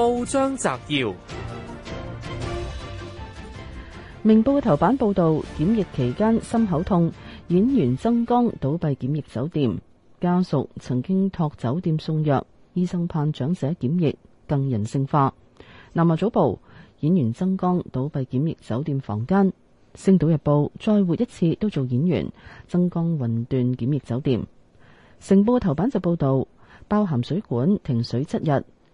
報章摘要：明報嘅頭版報道，檢疫期間心口痛，演員曾江倒閉檢疫酒店，家屬曾經託酒店送藥，醫生盼長者檢疫更人性化。南華早報：演員曾江倒閉檢疫酒店房間。星島日報：再活一次都做演員，曾江混亂檢疫酒店。成報嘅頭版就報道，包鹹水管停水七日。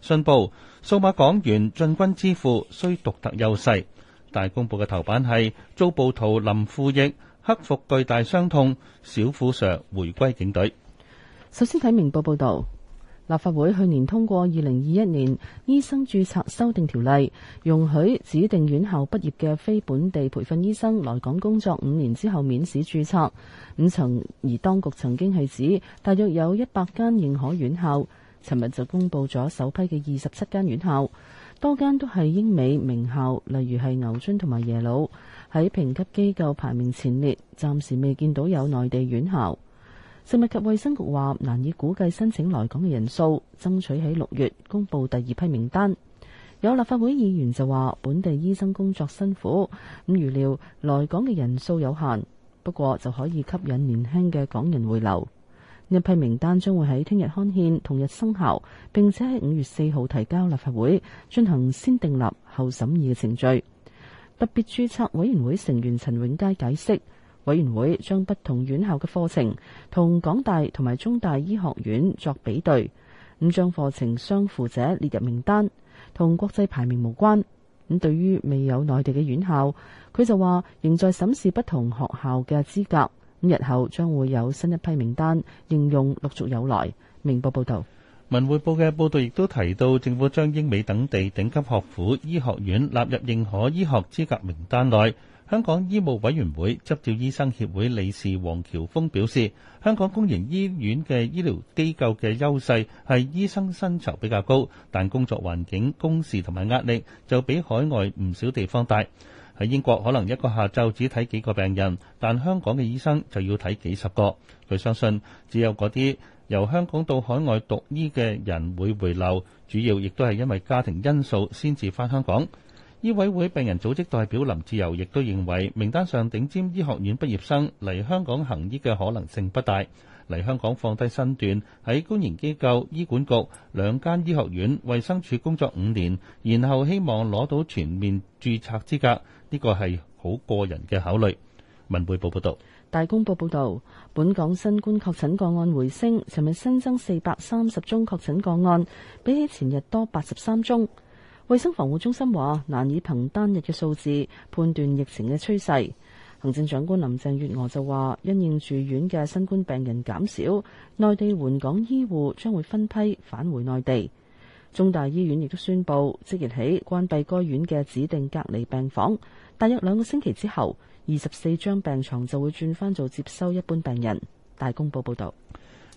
信報數碼港元進軍支付需獨特優勢，大公報嘅頭版係遭暴徒林富益克服巨大傷痛，小虎 Sir 回歸警隊。首先睇明報報導，立法會去年通過《二零二一年醫生註冊修訂條例》，容許指定院校畢業嘅非本地培訓醫生來港工作五年之後免試註冊。五層而當局曾經係指，大約有一百間認可院校。尋日就公布咗首批嘅二十七間院校，多間都係英美名校，例如係牛津同埋耶魯，喺評級機構排名前列。暫時未見到有內地院校。食物及衛生局話難以估計申請來港嘅人數，爭取喺六月公布第二批名單。有立法會議員就話本地醫生工作辛苦，咁預料來港嘅人數有限，不過就可以吸引年輕嘅港人回流。一批名單將會喺聽日刊憲，同日生效，並且喺五月四號提交立法會進行先訂立後審議嘅程序。特別註冊委員會成員陳永佳解釋，委員會將不同院校嘅課程同港大同埋中大醫學院作比對，咁將課程相符者列入名單，同國際排名無關。咁對於未有內地嘅院校，佢就話仍在審視不同學校嘅資格。五日後將會有新一批名單應用，陸續有來。明報報道，文匯報嘅報道亦都提到，政府將英美等地頂級學府醫學院納入認可醫學資格名單內。香港醫務委員會執照醫生協會理事黃喬峰表示，香港公營醫院嘅醫療機構嘅優勢係醫生薪酬比較高，但工作環境、工時同埋壓力就比海外唔少地方大。喺英國可能一個下晝只睇幾個病人，但香港嘅醫生就要睇幾十個。佢相信只有嗰啲由香港到海外讀醫嘅人會回流，主要亦都係因為家庭因素先至翻香港。醫委會病人組織代表林志柔亦都認為，名單上頂尖醫學院畢業生嚟香港行醫嘅可能性不大。嚟香港放低身段，喺公營機構、醫管局兩間醫學院、衛生署工作五年，然後希望攞到全面注冊資格，呢、這個係好個人嘅考慮。文匯報報道，大公報報道，本港新冠確診個案回升，尋日新增四百三十宗確診個案，比起前日多八十三宗。衛生防護中心話難以憑單日嘅數字判斷疫情嘅趨勢。行政長官林鄭月娥就話，因應住院嘅新冠病人減少，內地援港醫護將會分批返回內地。中大醫院亦都宣布，即日起關閉該院嘅指定隔離病房，大約兩個星期之後，二十四張病床就會轉翻做接收一般病人。大公報報道，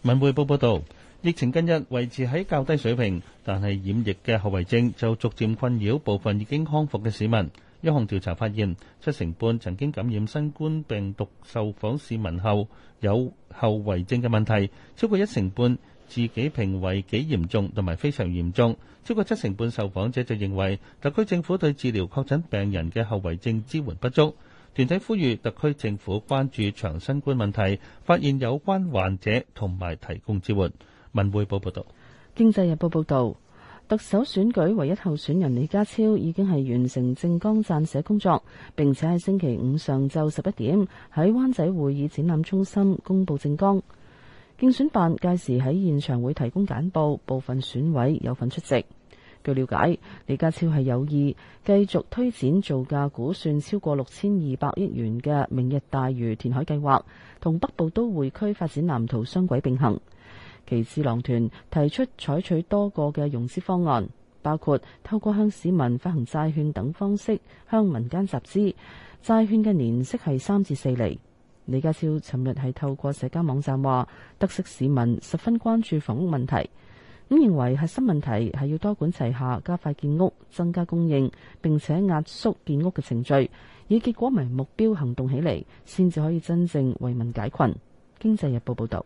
文匯報報道，疫情近日維持喺較低水平，但係染疫嘅後遺症就逐漸困擾部分已經康復嘅市民。一項調查發現，七成半曾經感染新冠病毒受訪市民後有後遺症嘅問題，超過一成半自己評為幾嚴重同埋非常嚴重。超過七成半受訪者就認為特區政府對治療確診病人嘅後遺症支援不足，團體呼籲特區政府關注長新冠問題，發現有關患者同埋提供支援。文匯報報道。《經濟日報》報道。特首選舉唯一候選人李家超已經係完成政綱撰寫工作，並且喺星期五上晝十一點喺灣仔會議展覽中心公布政綱。競選辦屆時喺現場會提供簡報，部分選委有份出席。據了解，李家超係有意繼續推展造價估算超過六千二百億元嘅明日大嶼填海計劃，同北部都會區發展藍圖雙軌並行。其智囊團提出採取多個嘅融資方案，包括透過向市民發行債券等方式向民間集資，債券嘅年息係三至四厘。李家超尋日係透過社交網站話，得悉市民十分關注房屋問題，咁認為核心問題係要多管齊下，加快建屋、增加供應，並且壓縮建屋嘅程序，以結果為目標行動起嚟，先至可以真正為民解困。經濟日報報道。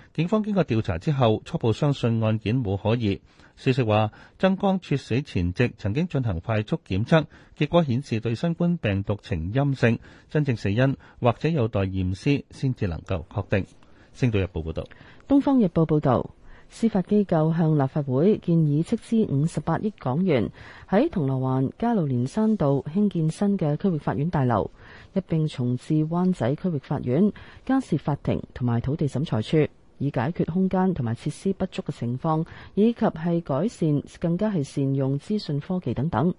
警方經過調查之後，初步相信案件冇可疑。消息話，曾江猝死前夕曾經進行快速檢測，結果顯示對新冠病毒呈陰性，真正死因或者有待驗屍先至能夠確定。星島日報報道：東方日報報道，司法機構向立法會建議斥資五十八億港元喺銅鑼灣加路連山道興建新嘅區域法院大樓，一並重置灣仔區域法院、家事法庭同埋土地審裁處。以解決空間同埋設施不足嘅情況，以及係改善更加係善用資訊科技等等。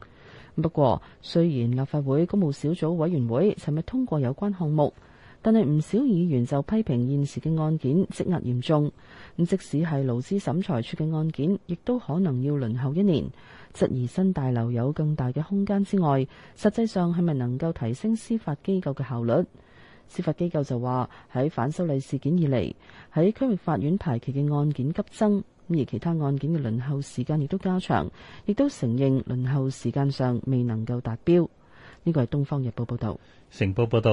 不過，雖然立法會工務小組委員會尋日通過有關項目，但係唔少議員就批評現時嘅案件積壓嚴重。咁即使係勞資審裁處嘅案件，亦都可能要輪候一年。質疑新大樓有更大嘅空間之外，實際上係咪能夠提升司法機構嘅效率？司法機構就話：喺反修例事件以嚟，喺區域法院排期嘅案件急增，而其他案件嘅輪候時間亦都加長，亦都承認輪候時間上未能夠達標。呢個係《東方日報》報道，《成報》報道，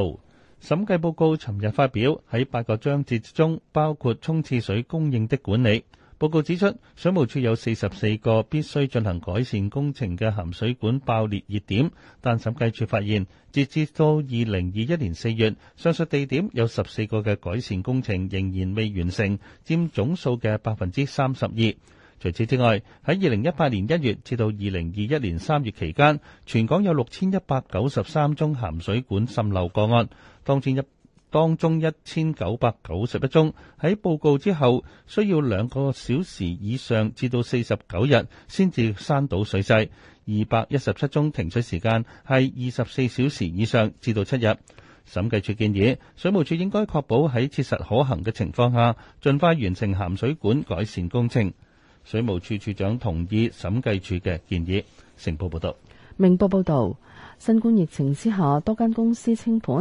審計報告尋日發表喺八個章節之中，包括沖廁水供應的管理。報告指出，水務署有四十四個必須進行改善工程嘅鹹水管爆裂熱點，但審計處發現，截至到二零二一年四月，上述地點有十四個嘅改善工程仍然未完成，佔總數嘅百分之三十二。除此之外，喺二零一八年一月至到二零二一年三月期間，全港有六千一百九十三宗鹹水管滲漏個案，當中一當中一千九百九十一宗喺報告之後需要兩個小時以上至到四十九日先至閂到水掣，二百一十七宗停水時間係二十四小時以上至到七日。審計處建議水務署應該確保喺切實可行嘅情況下，盡快完成咸水管改善工程。水務署署,署長同意審計處嘅建議。成報報道，明報報道。新冠疫情之下，多間公司清盤，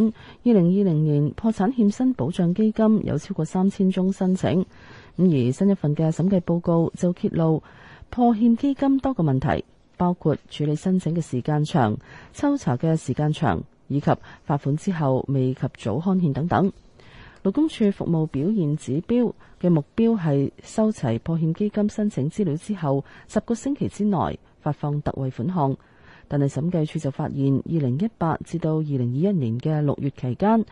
二零二零年破產欠薪保障基金有超過三千宗申請，咁而新一份嘅審計報告就揭露破欠基金多個問題，包括處理申請嘅時間長，抽查嘅時間長，以及罰款之後未及早看欠等等。勞工處服務表現指標嘅目標係收齊破欠基金申請資料之後，十個星期之內發放特惠款項。但係審計署就發現，二零一八至到二零二一年嘅六月期間，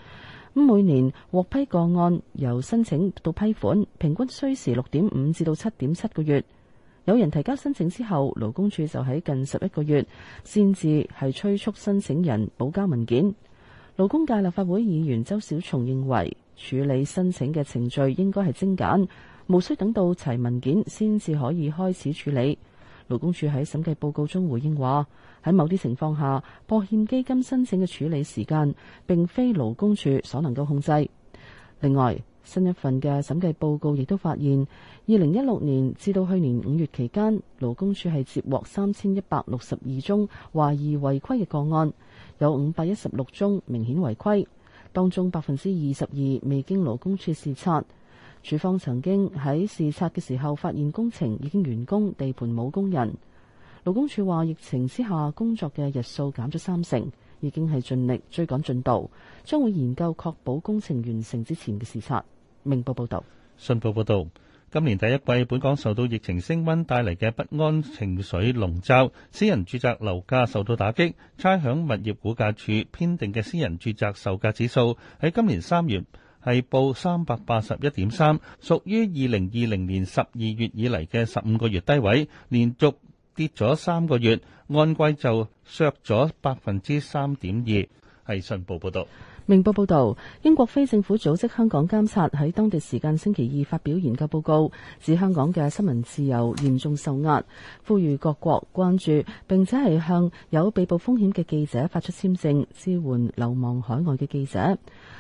每年獲批個案由申請到批款，平均需時六點五至到七點七個月。有人提交申請之後，勞工處就喺近十一個月先至係催促申請人補交文件。勞工界立法會議員周小松認為，處理申請嘅程序應該係精簡，無需等到齊文件先至可以開始處理。勞工處喺審計報告中回應話：喺某啲情況下，破欠基金申請嘅處理時間，並非勞工處所能夠控制。另外，新一份嘅審計報告亦都發現，二零一六年至到去年五月期間，勞工處係接獲三千一百六十二宗懷疑違規嘅個案，有五百一十六宗明顯違規，當中百分之二十二未經勞工處視察。處方曾經喺視察嘅時候發現工程已經完工，地盤冇工人。勞工處話，疫情之下工作嘅日數減咗三成，已經係盡力追趕進度，將會研究確保工程完成之前嘅視察。明報報道：「信報報道，今年第一季本港受到疫情升溫帶嚟嘅不安情緒籠罩，私人住宅樓價受到打擊，差餉物業估價署編定嘅私人住宅售價指數喺今年三月，.係報三百八十一點三，屬於二零二零年十二月以嚟，嘅十五個月低位，連續跌咗三個月，按季就削咗百分之三點二。係信報報道。明報報道，英國非政府組織香港監察喺當地時間星期二發表研究報告，指香港嘅新聞自由嚴重受壓，呼籲各國關注，並且係向有被捕風險嘅記者發出簽證，支援流亡海外嘅記者。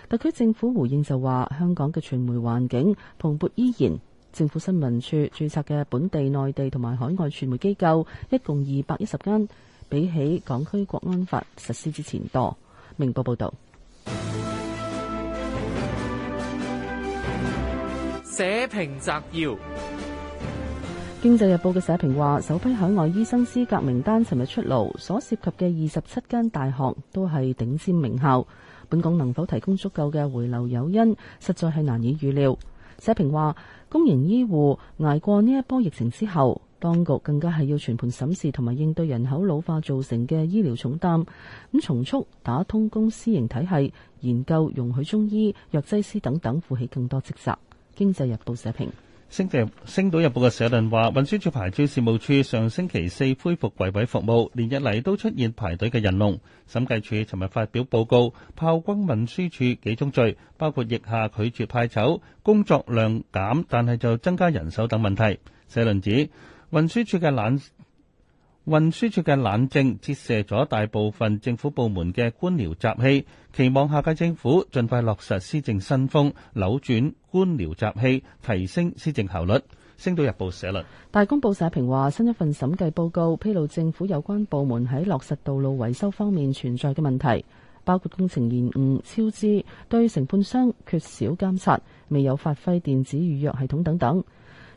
特區政府回應就話，香港嘅傳媒環境蓬勃依然，政府新聞處註冊嘅本地、內地同埋海外傳媒機構一共二百一十間，比起港區國安法實施之前多。明報報道。社評摘要。《經濟日報》嘅社評話，首批海外醫生資格名單尋日出爐，所涉及嘅二十七間大學都係頂尖名校。本港能否提供足夠嘅回流誘因，實在係難以預料。社評話，公營醫護捱過呢一波疫情之後。當局更加係要全盤審視同埋應對人口老化造成嘅醫療重擔，咁從速打通公私營體系，研究容許中醫、藥劑師等等負起更多職責。經濟日報社評。星地星島日報嘅社論話，運輸署牌照事務處上星期四恢復櫃位服務，連日嚟都出現排隊嘅人龍。審計處尋日發表報告，炮轟運輸署幾宗罪，包括腋下拒絕派籌、工作量減，但係就增加人手等問題。社論指。運輸處嘅冷運輸處嘅冷靜折射咗大部分政府部門嘅官僚習氣，期望下屆政府盡快落實施政新風，扭轉官僚習氣，提升施政效率。星島日報社論，大公報社評話：新一份審計報告披露政府有關部門喺落實道路維修方面存在嘅問題，包括工程延誤、超支、對承判商缺少監察、未有發揮電子預約系統等等。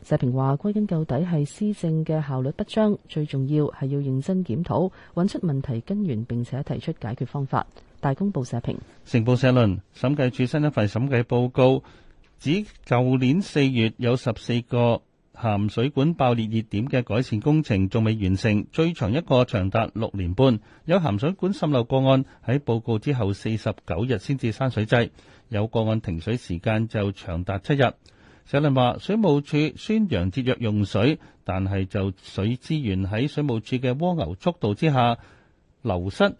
社評話：歸根究底係施政嘅效率不彰，最重要係要認真檢討，揾出問題根源並且提出解決方法。大公報社評，成報社論，審計處新一份審計報告指，舊年四月有十四個鹹水管爆裂熱點嘅改善工程仲未完成，最長一個長達六年半。有鹹水管滲漏個案喺報告之後四十九日先至閂水掣，有個案停水時間就長達七日。社論話，水務署宣揚節約用水，但係就水資源喺水務署嘅蝸牛速度之下流失，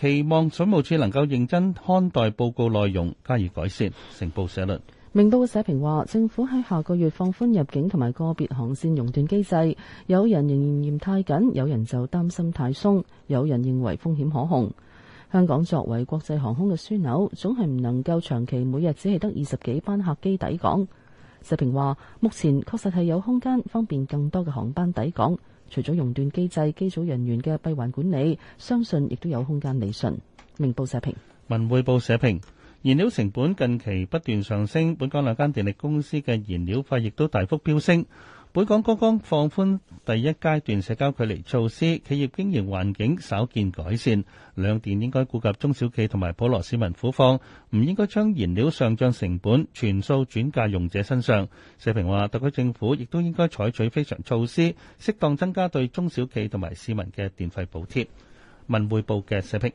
期望水務署能夠認真看待報告內容，加以改善。成報社論。明報社評話，政府喺下個月放寬入境同埋個別航線熔斷機制，有人仍然嫌太緊，有人就擔心太鬆，有人認為風險可控。香港作為國際航空嘅樞紐，總係唔能夠長期每日只係得二十幾班客機抵港。社評話：目前確實係有空間方便更多嘅航班抵港，除咗熔斷機制、機組人員嘅閉環管理，相信亦都有空間理順。明報社評。文匯報社評，燃料成本近期不斷上升，本港兩間電力公司嘅燃料費亦都大幅飆升。本港剛剛放寬第一階段社交距離措施，企業經營環境稍見改善。兩電應該顧及中小企同埋普羅市民苦況，唔應該將燃料上漲成本全數轉嫁用者身上。社評話，特區政府亦都應該採取非常措施，適當增加對中小企同埋市民嘅電費補貼。文匯報嘅社評。